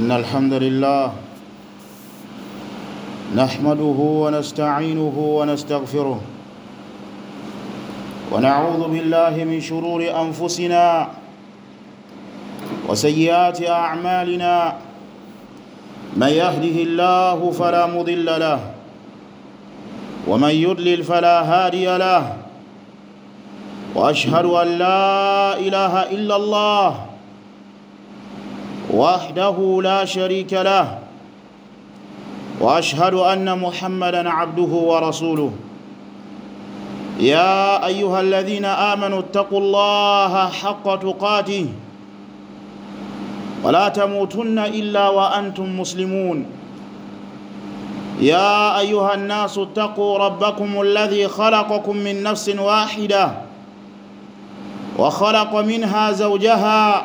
إن الحمد لله نحمده ونستعينه ونستغفره ونعوذ بالله من شرور أنفسنا وسيئات أعمالنا من يهده الله فلا مضل له ومن يضلل فلا هادي له وأشهد أن لا إله إلا الله وحده لا شريك له وأشهد أن محمدا عبده ورسوله يا أيها الذين آمنوا اتقوا الله حق تقاته ولا تموتن إلا وأنتم مسلمون يا أيها الناس اتقوا ربكم الذي خلقكم من نفس واحدة وخلق منها زوجها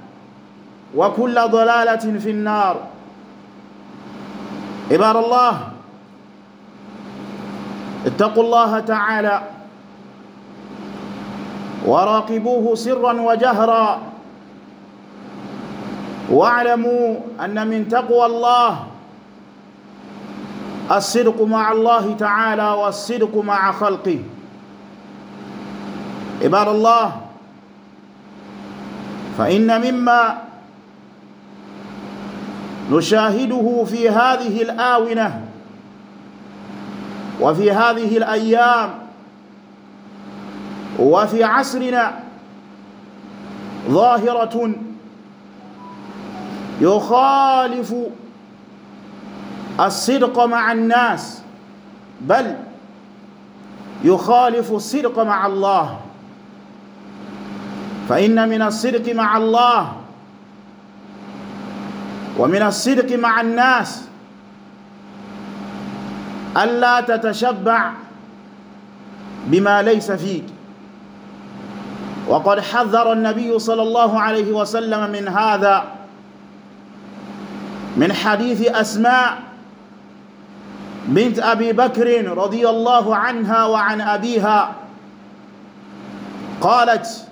وكل ضلالة في النار عباد الله اتقوا الله تعالى وراقبوه سرا وجهرا واعلموا أن من تقوى الله الصدق مع الله تعالى والصدق مع خلقه عباد الله فإن مما نشاهده في هذه الآونة وفي هذه الأيام وفي عصرنا ظاهرة يخالف الصدق مع الناس بل يخالف الصدق مع الله فإن من الصدق مع الله ومن الصدق مع الناس ألا تتشبع بما ليس فيك وقد حذر النبي صلى الله عليه وسلم من هذا من حديث أسماء بنت أبي بكر رضي الله عنها وعن أبيها قالت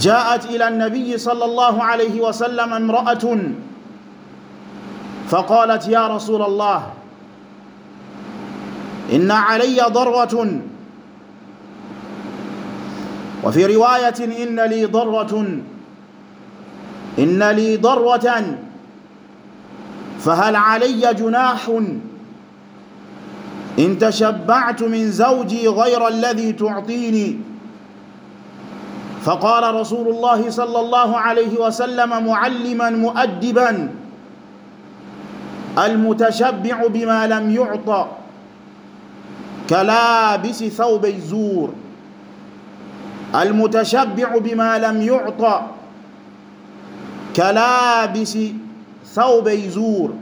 جاءت إلى النبي صلى الله عليه وسلم امرأة فقالت يا رسول الله إن علي ضرة وفي رواية إن لي ضرة إن لي ضرة فهل علي جناح إن تشبعت من زوجي غير الذي تعطيني فقال رسول الله صلى الله عليه وسلم معلما مؤدبا المتشبع بما لم يعطى كلابس ثوب الزور المتشبع بما لم يعطى كلابس ثوب الزور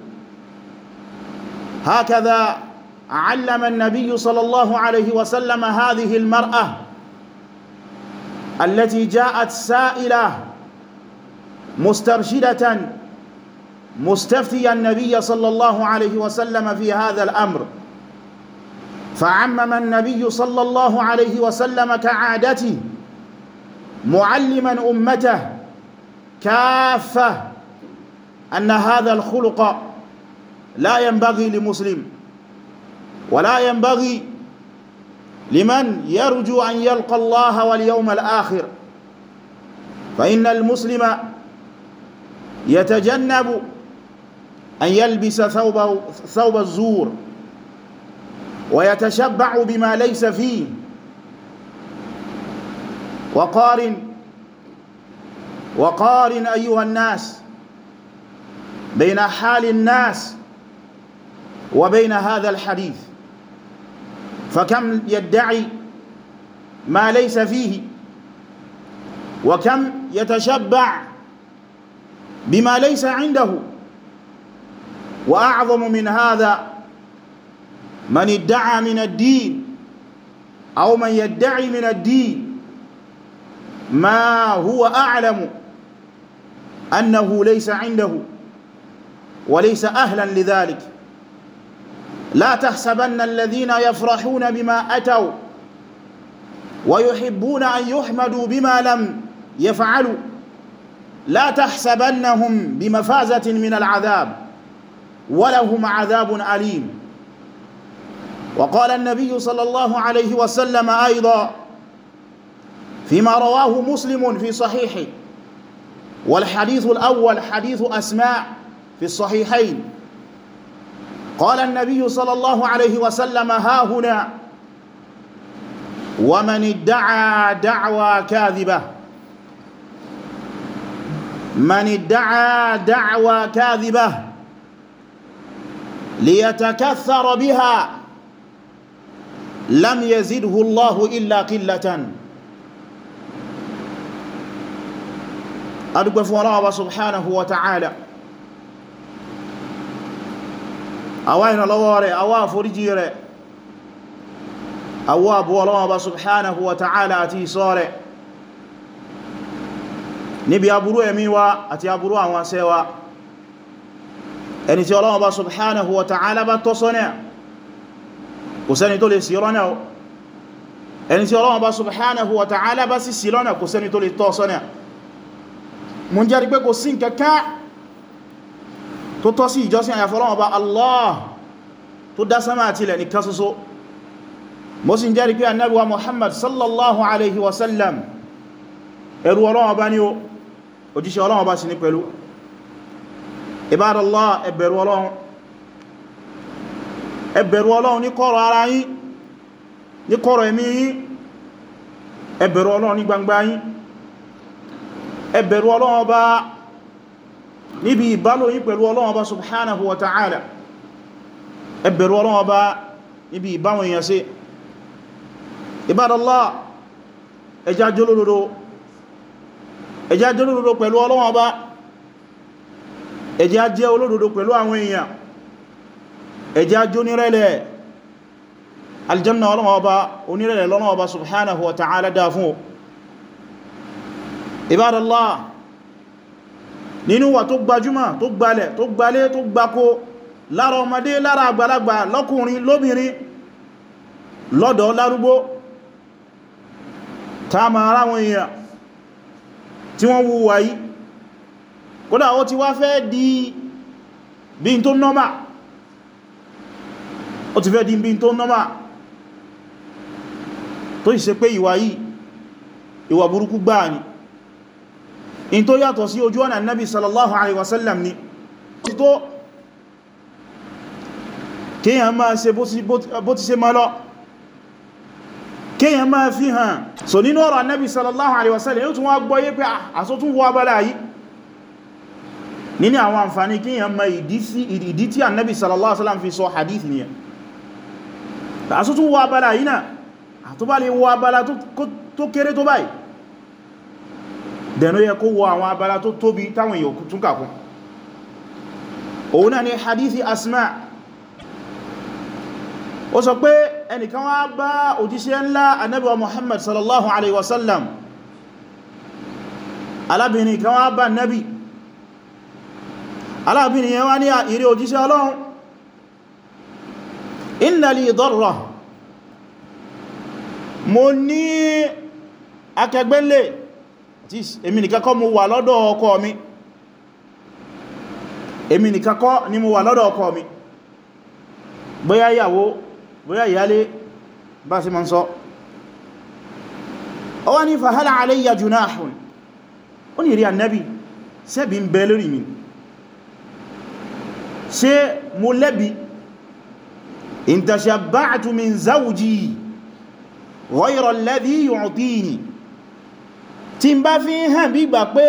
هكذا علم النبي صلى الله عليه وسلم هذه المرأة التي جاءت سائلة مسترشدة مستفتي النبي صلى الله عليه وسلم في هذا الأمر فعمم النبي صلى الله عليه وسلم كعادته معلما أمته كافة أن هذا الخلق لا ينبغي لمسلم ولا ينبغي لمن يرجو أن يلقى الله واليوم الآخر فإن المسلم يتجنب أن يلبس ثوب, ثوب الزور ويتشبع بما ليس فيه وقارن وقارن أيها الناس بين حال الناس وبين هذا الحديث فكم يدعي ما ليس فيه وكم يتشبع بما ليس عنده وأعظم من هذا من ادعى من الدين أو من يدعي من الدين ما هو أعلم أنه ليس عنده وليس أهلا لذلك لا تحسبن الذين يفرحون بما أتوا ويحبون أن يحمدوا بما لم يفعلوا لا تحسبنهم بمفازة من العذاب ولهم عذاب أليم وقال النبي صلى الله عليه وسلم أيضا فيما رواه مسلم في صحيحه والحديث الأول حديث أسماء في الصحيحين قال النبي صلى الله عليه وسلم ها هنا ومن ادعى دعوى كاذبة من ادعى دعوى كاذبة ليتكثر بها لم يزده الله إلا قلة أدقف الله سبحانه وتعالى àwa ìrànlọ́wọ́ rẹ̀ àwa àforíjì rẹ̀ àwa àbúwọ́ Ọlọ́run Ọba subhanahu wa ta'ala àti ìṣọ́ rẹ̀ níbi aburú ẹ̀mí wa àti aburú àwọn asẹ́ wa ẹni tí Ọlọ́run Ọba subhanahu wa ta'ala bá tọ́ sọ́nà kò sẹ́ni tó lè ta'ala bá tọ́ tó tọ́ sí ìjọsìn àyàfọ́lọ́wọ́ bá Allah tó dá sánmà àti ilẹ̀ nìkan ṣoṣo mo sì ń jẹ́rìí pé Ànábì wa Muhammad sallallahu alaihi wasallam ẹrú Ọlọ́run bá ní o òjíṣẹ́ Ọlọ́run bá sì ní pẹ̀lú Ibadallah ẹ bẹ̀rù Ọlọ́run ẹ bẹ̀rù Ọlọ́run ní níbi ìbálòyìn pẹ̀lú Ọlọ́run bá subhanahu wa ta'ala ẹbẹ̀rù Ọlọ́run bá níbi ìbáwọn èèyàn sí ibadallah ẹjá jólódodo ẹjá jólódodo pẹ̀lú Ọlọ́run bá ẹjá jẹ́ olódodo pẹ̀lú àwọn èèyàn ẹjá jó nírẹ̀lẹ̀ aljanna Ọlọ́run bá onírẹ̀lẹ̀ lọ́nà ọba subhanahu wa ta'ala dá fún nínú wà tó gbajúmọ̀ tó gbalẹ̀ tó gbalẹ̀ tó gbako lára ọmọdé lára àgbàlagbà lọ́kùnrin lóbìnrin lọ́dọ̀ lárúgbó ta ma ara wọn èèyàn tí wọ́n wúwa yìí kódà ó ti wá fẹ́ di bí n tó nọ́mà ó ti fẹ́ di bí n tó nọ́mà tó ìṣe pé ìwà ìwà burúkú gbáà ni in tó yàtọ̀ sí ojú ọ̀nà nabi sallallahu alaihi wasallam ni tó kíyàn máa ṣe bó ti ṣe máa lọ kíyàn máa fi hàn so nínú ọ̀rọ̀ nabi sallallahu alaihi wasallam yóò tún wá gbọ́yé pé àsótún ah, wọ abala yìí nínú àwọn àǹfààní kíyàn máa ìdí tí annabi sallallahu alaihi wasallam fi sọ hadith ni àsótún wọ abala yìí náà àtúbálẹ̀ wọ abala tó kéré tó báyìí dẹ̀nú yẹ kó wọ àwọn abala tó tóbi táwọn èèyàn tún kàkún òun náà ni hadithi asma ó sọ pé ẹnìkan wá bá òjíṣẹ́ ńlá anábíwa muhammad sallallahu alaihi wasallam alábìnrin kan wá bá nábi alábìnrin yẹn wá ní ìrí òjíṣẹ́ ọlọ́run inna li mo ní akẹgbẹ́lẹ̀ èmi nìkan kọ́ mo wà lọ́dọ̀ ọkọ mi èmi nìkan kọ́ ni mo wà lọ́dọ̀ ọkọ mi bóyá ìyàwó bóyá ìyálé bá sí ma ń sọ ó wá ní fahal alayya junahun ó ní rí annabi ṣẹ́bi ń bẹ lórí tí n bá fi ń hàn bí ìgbà pé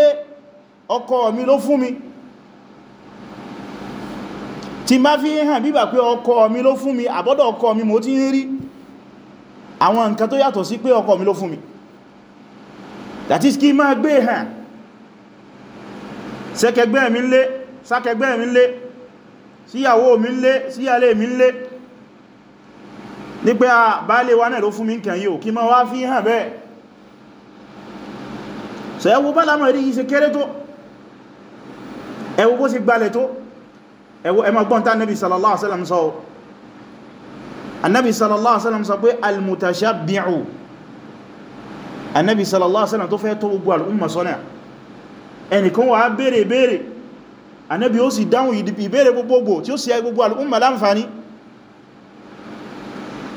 ọkọ mi ló fún mi tí bá fi ń hàn bí ìgbà pé ọkọ mi ló fún mi àbọ́dọ̀ ọkọ mi mo ti ń rí àwọn nǹkan tó yàtọ̀ sí pé ọkọ mi ló fún mi that is kí máa gbé hàn sẹ́kẹgbẹ́ mi ń lé sákẹgbẹ́ mi ń lé síyàwó mi ń lé síyàlé mi ń lé ní a bá lè wá náà ló fún mi nǹkan ò kí máa wá fi hàn bẹ́ẹ̀ so ẹwọ bá lámọ̀ rí ṣe kéré tó ẹwọ bó ṣe gbalẹ̀ tó ẹwọ ẹmọ gbọ́n tá Nabi sallallahu alaihi wasallam sọ Annabi sallallahu alaihi wasallam sọ pé al-mutashabbi'u Annabi sallallahu alaihi wasallam tó fẹ́ tó gbogbo al'umma sọ́nà ẹnìkan wà bèèrè bèèrè Annabi ó sì dáhùn ìbèèrè gbogbogbò tí ó sì ẹ gbogbo al'umma láǹfàní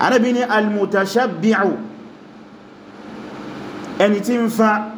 Annabi ni al-mutashabbi'u ẹni tí ń fa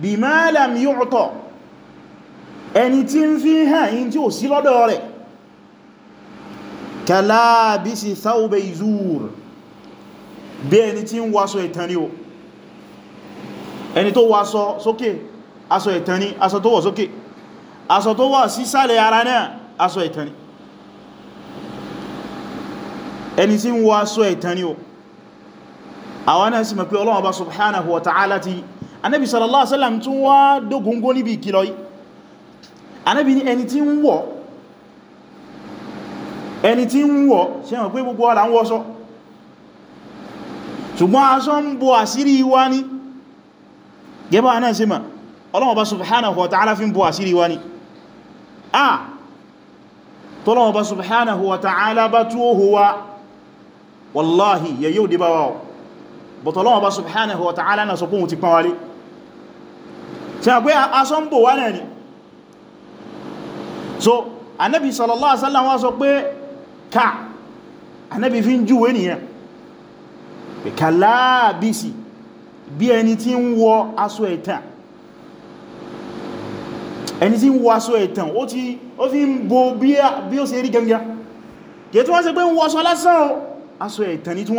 bima lam yu'ta ẹni tí ń fi hàn yí tí ó sí lọ́dọ̀ rẹ̀ kalabisi thawbi zur bí ẹni tí ń waṣọ ìtànrí o ẹni tó waṣọ sókè aṣọ ìtànrí aṣọ tó wọ̀ sókè aṣọ tó wọ̀ sísàlẹ̀ ara náà aṣọ ìtànrí ẹni tí ń waṣọ ìtànrí o àwọn náà sì mọ̀ pé Ọlọ́run Ọba subhanahu wa ta'ala ti anábi sallallahu alaihi wasallam tún wá dógungó níbi ìkìlọ̀ yìí anábi ní ẹni tí ń wọ̀ ẹni tí ń wọ̀ ṣe mọ̀ pé gbogbo ọ̀là ń wọ́sọ́ ṣùgbọ́n aṣọ ń bo àṣírí wa ní gẹ́bà náà sí ma Ọlọ́hun Ọba subhanahu wa ta'ala fi ń bo àṣírí wa wallahi yẹ yóò dé bá wa ọ̀ bọ̀tọ̀lọ́hun Ọba subhanahu wa ta'ala na sọ pé òun ti pán ṣe àgbé asọ́mbò wà náà ni so anábi sallallahu alaihi wá sọ pé ká anábi fi ń júwé nìyẹn pé ká bí ẹni tí ń wọ aṣọ ẹ̀tàn ẹni tí ń wọ aṣọ ẹ̀tàn ó ti ń bo bí ó ṣe rí gangan kìí tí wọ́n ṣe pé ń wọ aṣọ lásán aṣọ ẹ̀tàn ni tí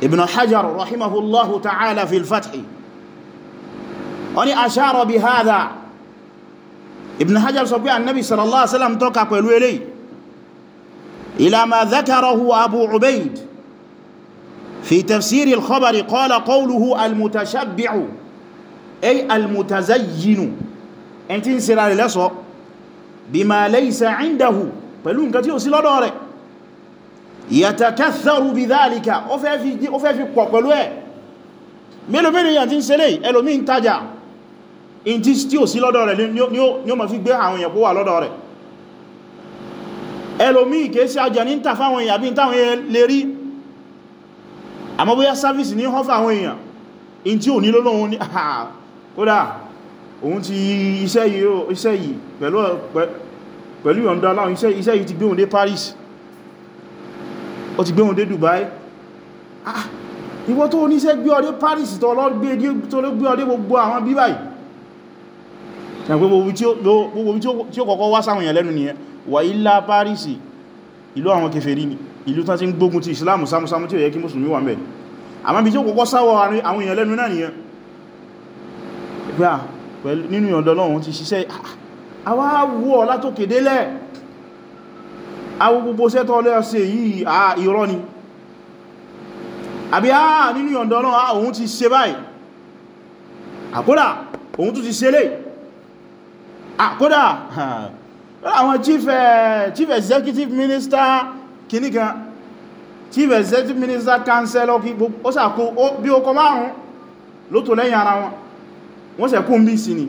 ibn hajar rahimahullahu ta'ala fi al-fathi oni ashara bi hadha ibn hajar sọ pé annabi sallallahu alaihi wasallam tọ́ka pẹ̀lú eléyìí ila ma dhakarahu abu ubayd fi tafsir al-khabar qala qawluhu al-mutashabbi'u ay al-mutazayyinu en tin sirare bima laysa indahu pẹ̀lú nǹkan tí ó sí lọ́dọ̀ rẹ̀ yàtàkẹ́sàrù bí dáàlìkà ó fẹ́ fi pọ̀ pẹ̀lú ẹ̀ mélòó mélòó yàn tí ń ṣẹlẹ̀ ẹlòmí ń tajà in tí tí ò sí lọ́dọ̀ rẹ̀ ni ó ma fi gbé àwọn èèyàn pó wà lọ́dọ̀ rẹ̀ ẹlòmí ìkéṣẹ́ ajá ní tàfà àwọn èèyàn bí táwọn èèyàn lè rí àmọ́ bóyá sáfíìsì ní họ́fà àwọn èèyàn in tí ò nílò lóhun ní kódà òun ti iṣẹ́ yìí pẹ̀lú ìyọ̀ndà aláwọn iṣẹ́ yìí ti gbé òun dé Paris ó ti gbé wọn dé Dubai ah ìwọ tó oníṣẹ́ gbé ọdé Paris tó lọ gbé ọdé gbogbo àwọn bíbáyì gbogbo tí ó kọ́kọ́ wá sáwọn èèyàn lẹ́nu nìyẹn wà ilá Paris ìlú àwọn kèfèrí ni ìlú tán ti ń gbógun ti Islam sámúsámú tí ó yẹ kí mùsùlùmí wà mẹ́rin àmá bí tí ó kọ́kọ́ sáwọ àwọn èèyàn lẹ́nu náà nìyẹn gbà nínú ìyọ̀ndọ́lọ́wọ́n ti ṣiṣẹ́ ah, àwáwọ́ látòkèdélẹ̀ àwọn gbogbo sẹ́tọ́ lẹ́yà sí èyí à irọ́ ni àbí àà nínú yọ̀ndọ̀ náà òun ti ṣe báyìí àkódà òun tún ti ṣe lè àkódà àwọn eh, chief executive minister kìníkan chief executive minister chancellor kí ó sàkó bí ó kọ márùn-ún ló tó lẹ́yìn ara wọn wọ́n sẹ̀kún bí sí ni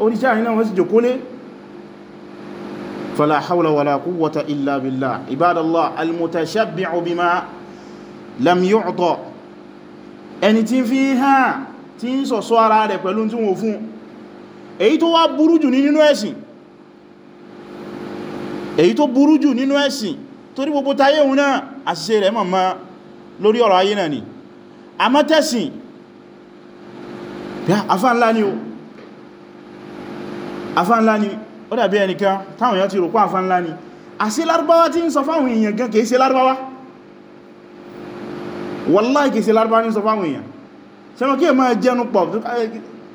oríṣẹ́ àrínà wọ́n sì jòkó lé فلا حول ولا قوة إلا بالله عباد الله المتشبع بما لم يعطى ẹni tí fi hàn tí ń sọ̀sọ́ ara rẹ̀ pẹ̀lú tí wọ́n fún èyí tó wá burú jù nínú ẹ̀sìn èyí tó burú jù nínú ẹ̀sìn torí gbogbo tayé òun náà àṣìṣe rẹ̀ mọ̀ mọ́ lórí ọ̀rọ̀ ayé náà ni a mọ́ tẹ́sìn afá ńlá ni o afá ńlá ni o ó dàbí ẹnìkan táwọn èèyàn ti rò pàfà ńlá ni àṣí lárúbáwá tí ń sọ fáwọn èèyàn gan kìí ṣe lárúbáwá wallahi kìí ṣe lárúbáwá ní sọ fáwọn èèyàn ṣe mọ́ kí è máa jẹnu pọ̀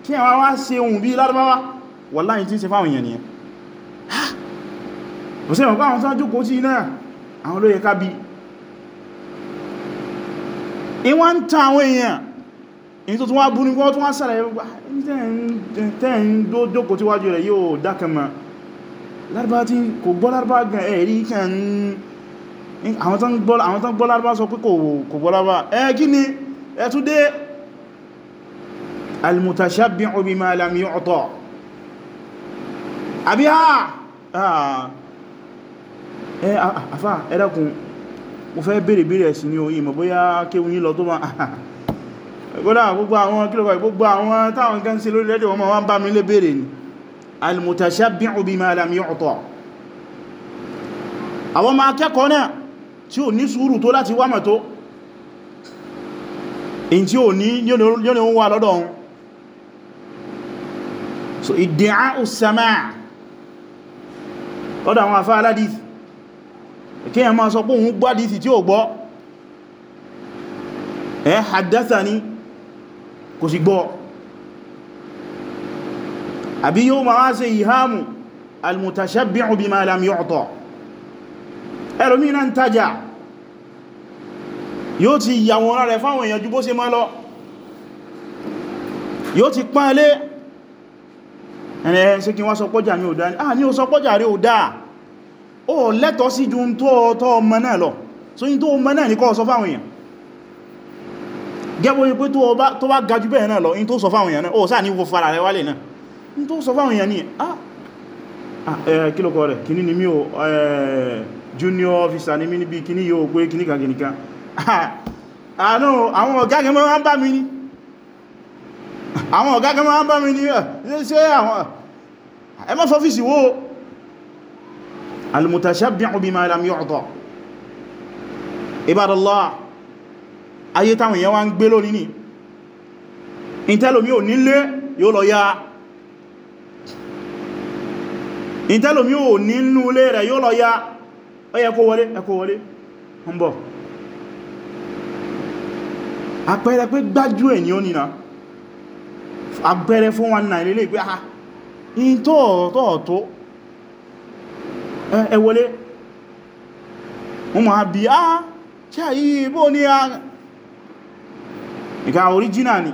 kí àwọn wá ṣe ohun bí lárúbáwá wallahi tí ń ṣe fáwọn èèyàn nìyẹn mo ṣe mọ̀ pé àwọn sáájú kò tí náà àwọn ló yẹ ká bí lárúbá tí kò gbọ́ lárúbá gan ẹ̀rí kan àwọn tán gbọ́ lárúbá sọ pé kò gbọ́ lárúbá ẹ kí ni ẹ tún dé al-mutashabbi'u bima lam yu'ta àbí ha ẹ àfá ẹ̀dàkùn mo fẹ́ bèèrè bèèrè ẹ̀sìn ní oyin mọ̀ bóyá kéwù yí lọ tó máa gbọ́dá gbogbo àwọn kílọ̀gbà gbogbo àwọn táwọn gẹ́ǹsí al-mutashabbi'u bima lam yu'ta àwọn ma akẹ́kọ̀ọ́ náà tí ò ní sùúrù tó láti wá mẹ́tó in tí ò ní yóò ní ó wà lọ́dọ̀ ohun so iddi'a'u as-sama' lọ́dọ̀ àwọn afá aládìsì kí ẹ máa sọ pé òun gbọ́ àdìsì tí ò haddathani kò sì gbọ́ àbí yóò ma wá ṣe ìhámù almutashabbi'u bima lam yu'ta ẹlòmí náà ń tajà yóò ti yàwòrán rẹ̀ fáwọn èèyàn ju bó ṣe máa lọ yóò ti pán ilé ẹni ẹ̀ ṣe kí wọ́n sọ pọ́jà mi ò dáa ah ní o sọ pọ́jà rí ò dáa ó lẹ́tọ́ sí ju tó ọmọ náà lọ tó bá gajú bẹ́ẹ̀ náà lọ yí tó sọ fáwọn èèyàn náà ó sáà ní wo fara rẹ̀ wálẹ̀ náà n tó sọ fáwọn èèyàn ní ẹ̀ ah, ah, eh, kílòkọ́ rẹ̀ kìní ni mí o eh, junior officer ni mí níbi kìní yóò pé kìní kan kìní kan ah, àwọn ọ̀gá gẹ́mọ́ wọ́n bá mi ní àwọn ọ̀gá gẹ́mọ́ wọ́n bá mi ní ṣe àwọn ẹmọ́ fọ́fíìsì wó al-mutashabbi'u bima lam yu'ta ibadallah yóò lọ yáa ìtẹ́lòmí ò nínú ilé rẹ̀ yóò lọ ya ọyẹ kó wọlé ẹkó wọlé ń bọ̀ àpẹẹrẹ pé gbájú ẹ̀ ni ó nìna àpẹẹrẹ fún wọn náà ilé pé ah in tóòtó ẹ wọlé wọ́n ma bí á ṣe àyí ibò ní a ìkà original ni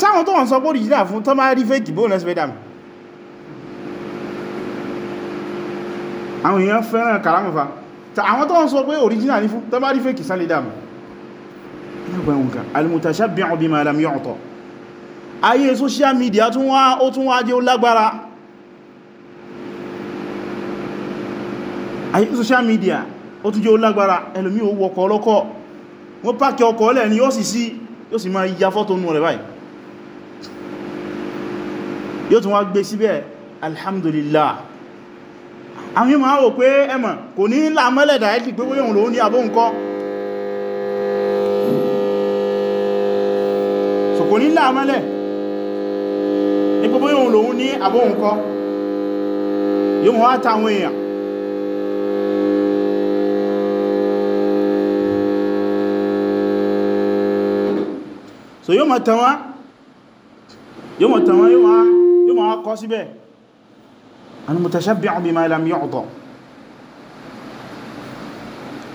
sáwọn ah, tó wọ́n sọ pé original fún tó máa rí fake bóòlẹ́sì fẹ́dàmì àwọn èèyàn fẹ́ràn kàrámọ̀fà àwọn tó ń sọ pé original ní fún tó bá rí fèkì sán lè dáàmù al-mutashabbi'u bima lam yu'ta ayé social media tún wá ó tún wá jẹ́ ó lágbára ayé social media ó tún jẹ́ ó lágbára ẹlòmí ó wọkọ̀ ọlọ́kọ̀ wọ́n pàkẹ ọkọ̀ ọlẹ̀ ni yóò sì sí yóò sì máa ya fọ́tò nù rẹ̀ báyìí alhamdulillah àwọn yíò máa pé ẹmọ̀ kò ní ńlá mọ́lẹ̀dà ẹ́dì pé wóyùn lòó ní àbó nǹkan so kò ní ńlá mọ́lẹ̀ ní pé wóyùn lòó ní àbó nǹkan yíò wọ́n á èèyàn so yíò mọ̀ tán yíò mọ̀ tán yíò máa kọ́ síbẹ̀ المتشبع بما لم يعطى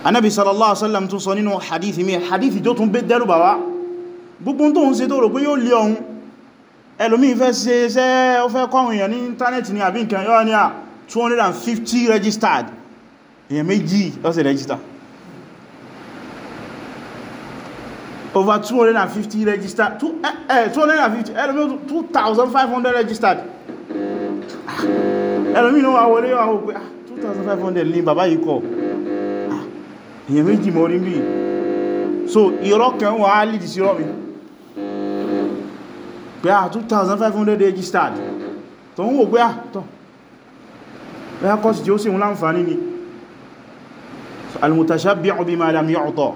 النبي صلى الله عليه وسلم tún sọ nínú hadithi mi hadithi tó tún bẹ́ dẹ́rù bàwá gbogbo tó ń ṣe tó rò pé yóò lé ohun ẹlòmí fẹ́ ṣe ṣẹ́ ó fẹ́ kọrùn èèyàn ní íntánẹ́tì ní àbí nǹkan yóò ní à 250 registered èèyàn méjì lọ́sẹ̀ register over 250 eh, eh, registered 250 ẹlòmí 2500 registered ẹlòmínú wà wọlé wà wọ́n pé 2500 ah, ní bàbá yìí kọ̀ ah, èyàn méjì mọ́ orí bí so irọ́ kan wà á lìdì sí rọ́ mi pé à ah, 2500 registered tó ń wò pé à tọ́ ẹ̀yà kọ́sì tí ó sì ń láǹfààní ni al-mutashabbi'u bima lam yu'ta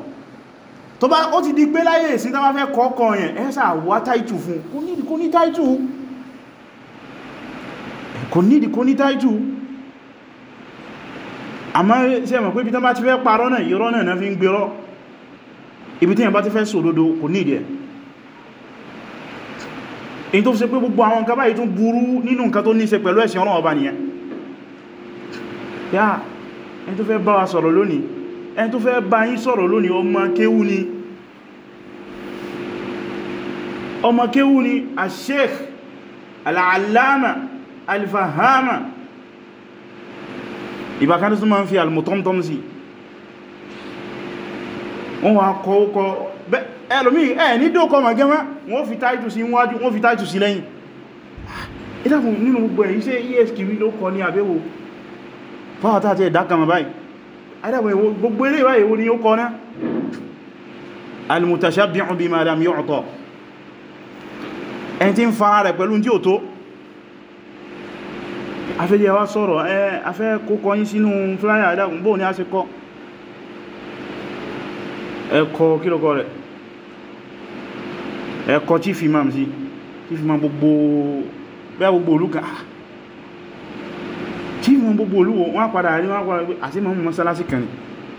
tó bá ó ti di gbé láyé sí tó bá fẹ́ kọ́kọ́ yẹn ẹ́sà wá táìtù fún kò ní táìtù kò nídi kò ní táìtù àmá sí ẹmọ̀ pé ibi tán bá ti fẹ́ parọ́ náà irọ́ náà náà fi ń gbérọ́ ibi tí yẹn bá ti fẹ́ sòdodo kò nídi ẹ̀ èyí tó fi ṣe pé gbogbo àwọn nǹkan báyìí tún burú nínú nǹkan tó níṣe pẹ̀lú ẹ̀sìn ọlọ́run ọba nìyẹn al-allama alfahama ìbákaní súnmọ́ ń fi almutomtom sí wọ́n wá kọ ókọ ẹlòmí ẹ̀ ní dókọ magẹ́má wọ́n fi táìtù sí wájú wọ́n fi táìtù sí lẹ́yìn ìdákùn nínú gbogbo èyí ṣe esq ló kọ ní àbẹ́wò fáwátá àti ẹ̀dá kama báyìí gbogbo ilé ìwáyé wo ni ó kọ náà almutashabbi'u bima lam yu'ta afẹ́jẹ́ wá sọ̀rọ̀ ẹ afẹ́ kókọ yín sínú flyer adágún bóò ní a ṣe kọ́ ẹkọ kílọ́kọ́ rẹ̀ ẹkọ tí fi máa sí tí fi máa gbogbo bẹ́ẹ̀ gbogbo olúkà tí fi máa gbogbo olúwo wọ́n padà rí wọ́n padà àti mọ́mù mọ́sálásí kan ní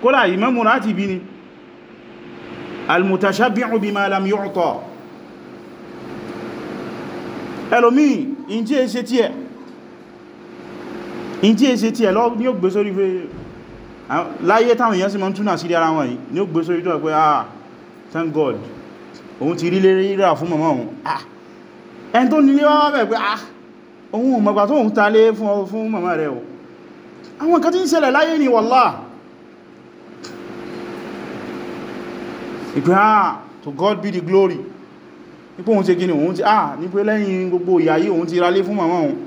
kódà ìmámù láti bí ni al-mutashabbi'u bima lam yu'ta ẹlòmíì in tí è ṣe tí ẹ̀ in tí èsì tí ẹ̀ lọ ní ó gbé sórí pé láyé táwọn èèyàn sí mọ́ túnà sí ara wọn yìí ní ó gbé sórí tó pé ah thank god òun ti rí lérí rà fún mọ̀mọ́ òun ah ẹn tó nílé wá bẹ̀ pé ah òun ò mọ̀gbà tó òun ta lé fún mọ̀mọ́ rẹ̀ o àwọn kan tí ń ṣẹlẹ̀ láyé ni wallah ìpé ah to god be the glory ipò òun ti gini òun ti ah ní pé lẹ́yìn gbogbo ìyàyí òun ti ralé fún mọ̀mọ́ òun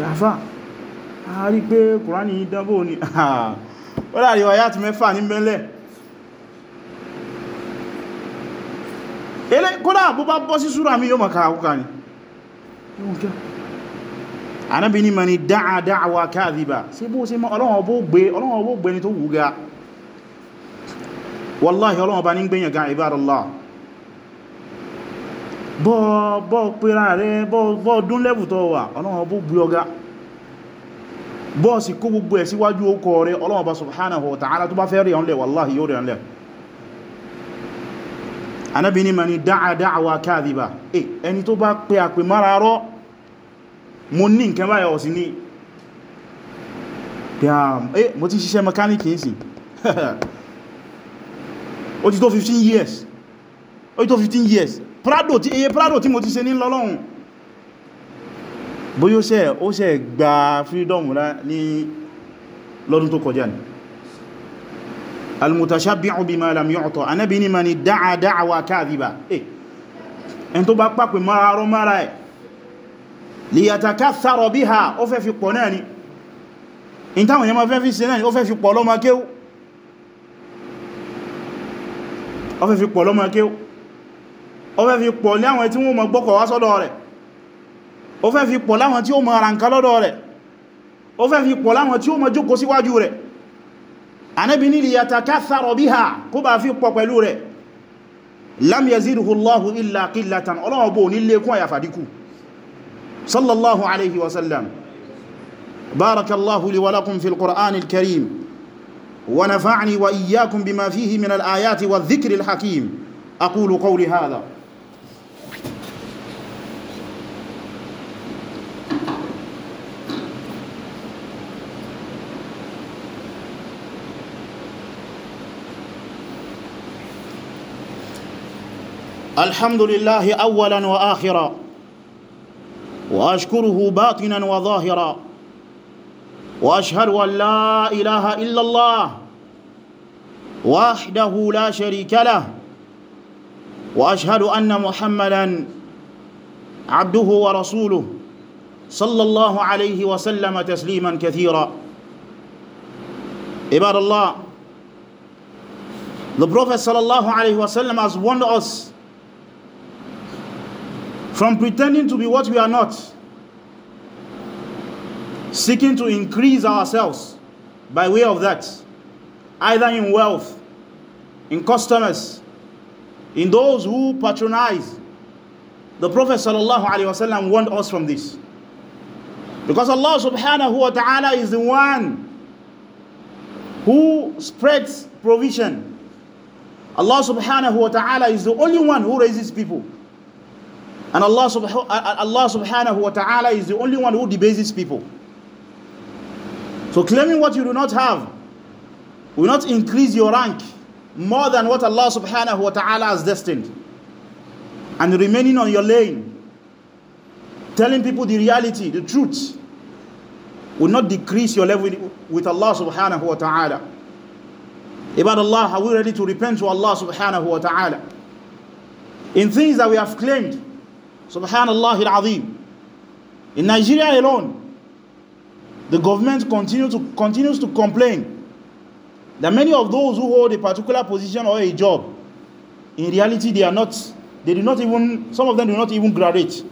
pé àfá a rí pé kùránì ìdánbò ní ó láàrin wáyá ti mẹ́fà ní mẹ́lẹ̀ ilé kódà bó bá bọ́ sí súra mi yóò mọ̀ kàràkùkà ni anábi ni mani dáa dáa káàdìbà sí bó sí ọlọ́wọ́ bó gbé ni tó wù ga wallahi ọlọ́wọ́ bá ní gbẹ̀yàn ga ibadallah bọ́ pẹ́ra rẹ bọ́ dún lẹ́bù tó wà ọlọ́wọ́ bó gbé ọgá bọ́ sí kó gbogbo ẹ̀ síwájú okọ̀ rẹ ọlọ́wọ́ bá subhanahu wa ta'ala tó bá fẹ́ rí ọ̀nlẹ̀ wallahi yóò rí ọ̀nlẹ̀ anábi ni mani dáa dáa káàdìbà eh, ẹni tó bá pẹ àpè mara rọ mo ní nǹkan báyà ọ̀ sí ní eh, mo ti ṣiṣẹ́ mechanic nísìn ó ti tó 15 years ó ti tó 15 years prado tí eye prado tí mo ti ṣe ní lọ́lọ́run bóyí ó ṣe ó ṣe gba freedom rá ní lọ́dún tó kọjá ní al-mutashabbi'u bima lam yu'ta anábi ní mani da'a da'wa kadhiba eh, ẹn tó bá pàpẹ mara rọ mara ẹ̀ liyatakaththara biha ó fẹ́ fi pọ̀ náà ni in táwọn yẹn ma fẹ́ fi ṣe náà ni ó fẹ́ fi pọ̀ lọ́mọ kéw ó fẹ́ fi pọ̀ lé àwọn tí wọ́n mọ̀ gbọ́kọ̀ wá sọ́dọ̀ rẹ̀ ó fẹ́ fi pọ̀ láwọn tí ó mọ̀ rànkà lọ́dọ̀ rẹ̀ ó fẹ́ fi pọ̀ láwọn tí ó mọ̀ jókòó síwájú rẹ̀ Ànábì ní li yatakaththara biha kó bá fi pọ̀ pẹ̀lú rẹ̀ lam yazidhu بارك الله لي في القرآن الكريم ونفعني وإياكم بما فيه من الآيات والذكر الحكيم أقول قولي هذا الحمد لله أولا وآخرا وأشكره باطنا وظاهرا وأشهد أن لا إله إلا الله وحده لا شريك له وأشهد أن محمدا عبده ورسوله صلى الله عليه وسلم تسليما كثيرا عباد الله The Prophet sallallahu alayhi wa sallam has warned us from pretending to be what we are not, seeking to increase ourselves by way of that, either in wealth, in customers, in those who patronize. The Prophet ﷺ warned us from this. Because Allah subhanahu wa ta'ala is the one who spreads provision. Allah subhanahu wa ta'ala is the only one who raises people. And Allah, subha- uh, uh, Allah subhanahu wa ta'ala is the only one who debases people. So claiming what you do not have will not increase your rank more than what Allah subhanahu wa ta'ala has destined. And remaining on your lane, telling people the reality, the truth, will not decrease your level with Allah subhanahu wa ta'ala. About Allah, are we ready to repent to Allah subhanahu wa ta'ala? In things that we have claimed, subhanallah al-azim in Nigeria alone the government continue to, continues to complain that many of those who hold a particular position or a job in reality they are not they do not even some of them do not even graduate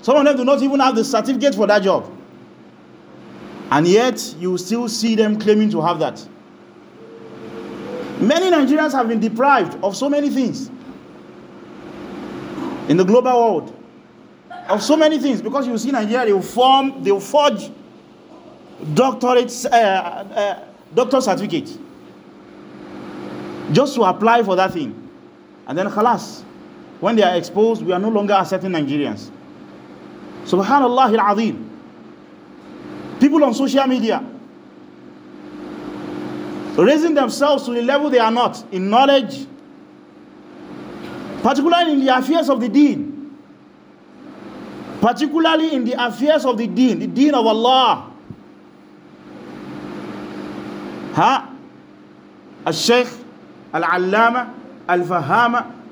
some of them do not even have the certificate for that job and yet you still see them claiming to have that many Nigerians have been deprived of so many things in the global world of so many things because you see Nigeria they will form they will forge doctorate, uh, uh, doctor certificate just to apply for that thing and then khalas when they are exposed we are no longer accepting Nigerians subhanallah al-azim people on social media raising themselves to the level they are not in knowledge particularly in the affairs of the deen particularly in the affairs of the deen the deen of Allah ha al-sheikh al-allama al-fahama